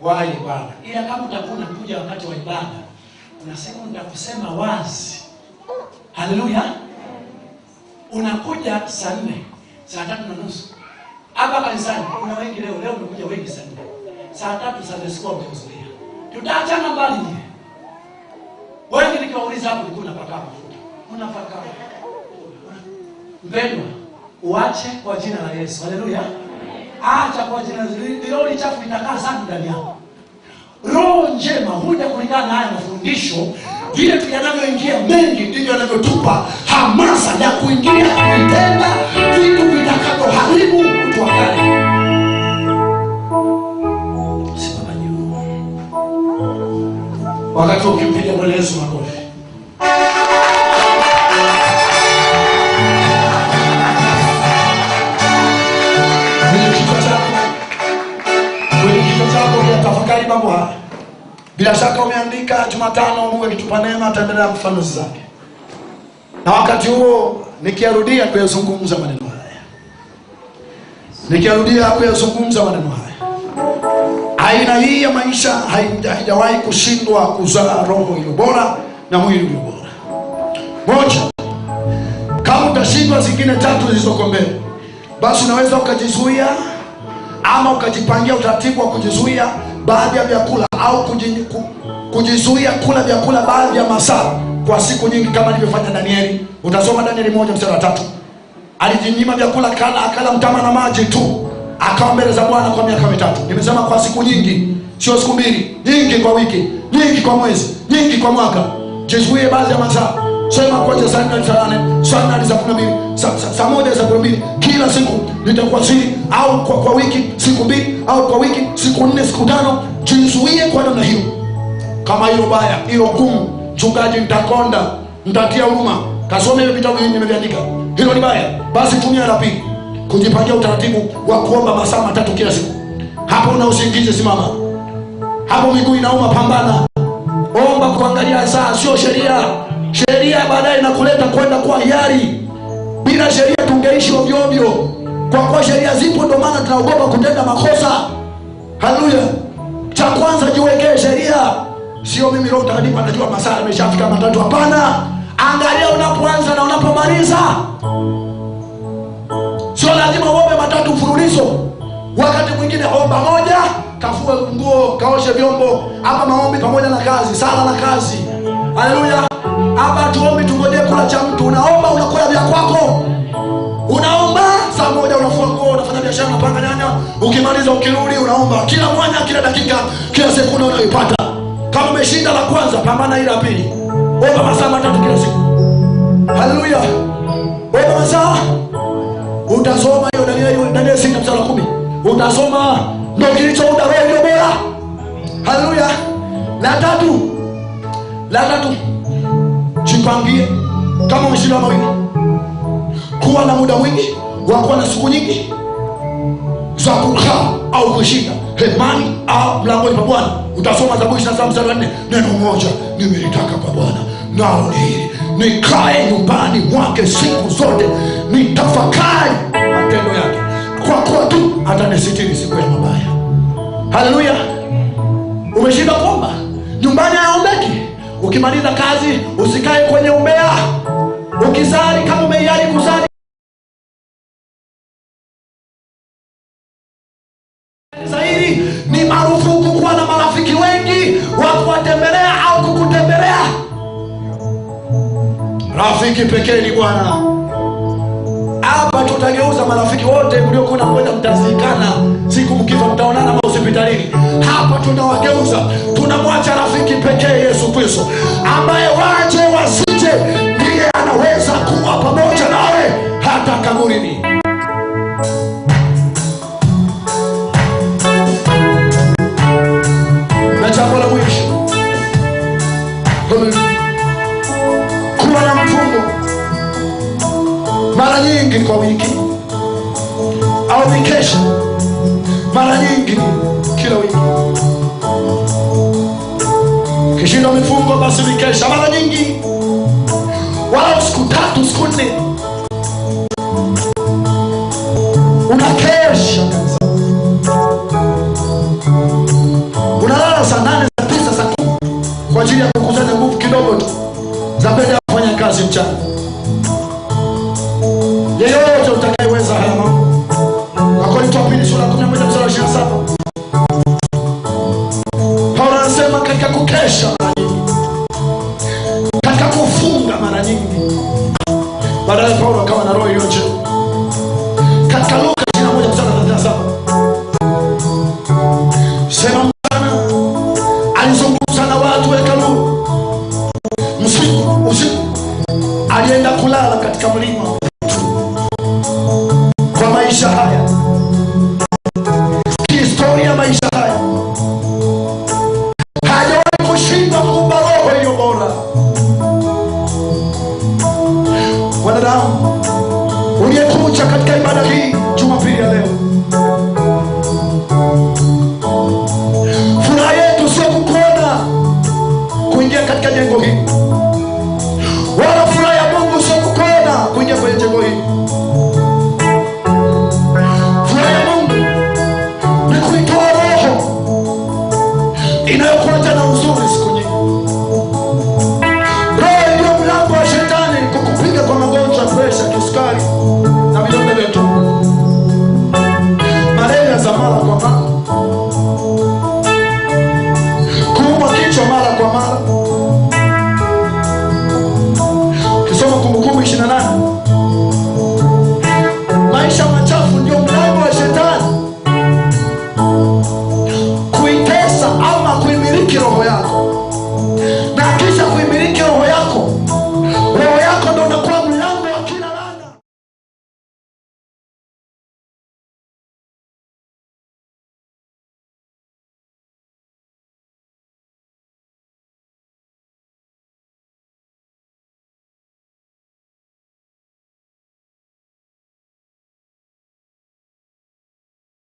wa bwana, Ila kama utakuwa unakuja wakati wa ibada, kuna siku nitakusema wazi. Haleluya! Unakuja saa nne, saa tatu na nusu hapa kanisani. Kuna wengi leo, leo umekuja wengi sana, saa tatu Sunday school umehudhuria. Tutaachana mbali nje. Wengi nikiwauliza hapo, ulikuwa unapaka mafuta, unapaka mpendwa, uache kwa jina la Yesu. Haleluya! acha kwa jina zuri. Roho chafu itakaa sana ndani yako. Roho njema huja kulingana na haya mafundisho, vile tunavyoingia mengi ndivyo anavyotupa hamasa ya kuingia kuitenda vitu vitaka Bila shaka umeandika Jumatano, Mungu akitupa neema ataendelea kufanuzi zake, na wakati huo nikiarudia kuyazungumza maneno haya, nikiarudia kuyazungumza maneno haya, aina hii ya maisha haijawahi kushindwa kuzaa roho iliyo bora na mwili ulio bora. Moja, kama utashindwa zingine tatu zilizoko mbele, basi unaweza ukajizuia ama ukajipangia utaratibu wa kujizuia baadhi ya vyakula au kujizuia kula vyakula baadhi ya masaa kwa siku nyingi, kama alivyofanya Danieli. Utasoma Danieli moja mstari wa tatu alijinyima vyakula kala, akala mtama na maji tu, akawa mbele za Bwana kwa miaka mitatu. Nimesema kwa siku nyingi, sio siku mbili, nyingi kwa wiki, nyingi kwa mwezi, nyingi kwa mwaka. Jizuie baadhi ya masaa sema kwanza saa nne saa nane saa nane saa kumi na mbili saa moja saa kumi na mbili kila siku litakuwa siri au kwa, kwa wiki siku mbili au kwa wiki siku nne siku tano jizuie kwa namna hiyo kama hiyo baya hiyo gumu chungaji nitakonda nitatia huruma kasome hivyo vitabu nimeviandika hilo ni baya basi tumia la pili kujipangia utaratibu wa kuomba masaa matatu kila siku hapo una usingizi simama hapo miguu inauma pambana omba kuangalia saa sio sheria Sheria baadaye inakuleta kwenda kwa hiari. Bila sheria tungeishi ovyo ovyo, kwa kuwa sheria zipo, ndio maana tunaogopa kutenda makosa. Haleluya! Cha kwanza jiwekee sheria, sio mimi Roho Mtakatifu anajua masaa yameshafika matatu. Hapana, angalia unapoanza na unapomaliza. Sio lazima uombe matatu mfululizo. Wakati mwingine omba moja, kafue nguo, kaoshe vyombo. Hapa maombi pamoja na kazi, sala na kazi. Haleluya! Hapa tuombi tungojee kula cha mtu. Unaomba unakula vya kwako, unaomba saa moja, unafua nguo, unafanya biashara, unapanga nyanya, ukimaliza ukirudi unaomba. Kila mwanya kila dakika, kila sekunde unayoipata. Kama umeshinda la kwanza, pambana ile ya pili. Omba masaa matatu kila siku. Haleluya! Omba masaa utasoma hiyo Danieli, Danieli sita mstari wa kumi utasoma, ndio kilichounda wewe, ndio bora. Haleluya! La tatu, la tatu Jipangie kama umeshinda mawingu, kuwa na muda mwingi wa kuwa na siku nyingi za kukaa au kushinda hemani au mlangoni pa Bwana. Utasoma Zaburi ishirini na saba mstari wa nne neno moja nimelitaka kwa Bwana nao ni hili, nikae nyumbani mwake siku zote, nitafakari matendo yake, kwa kuwa tu atanisitiri siku ya mabaya. Haleluya! Umeshinda kuomba nyumbani, haombeki Ukimaliza kazi usikae kwenye umbea. Ukizali kama umeiari kuzali zaidi, ni marufuku kuwa na marafiki wengi wa kuwatembelea au kukutembelea. Rafiki pekee ni Bwana. Hapa tutageuza marafiki wote mliokuwa mnakwenda, mtazikana siku mkifa, mtaonana mahospitalini. Hapa tunawageuza tuna Yesu ambaye waje wasije, ndiye anaweza kuwa pamoja nawe hata kaburini. Na jambo la mwisho, kuwa na mfungo mara nyingi kwa wiki au vikesha mara nyingi kila wiki ukishindwa mifungo basi vikesha mara nyingi, wala siku tatu siku nne kupimwa kwa maisha haya, kihistoria ya maisha haya hajawahi kushindwa kuumba roho iliyo bora. Wanadamu uliyekuja katika ibada hii Jumapili ya leo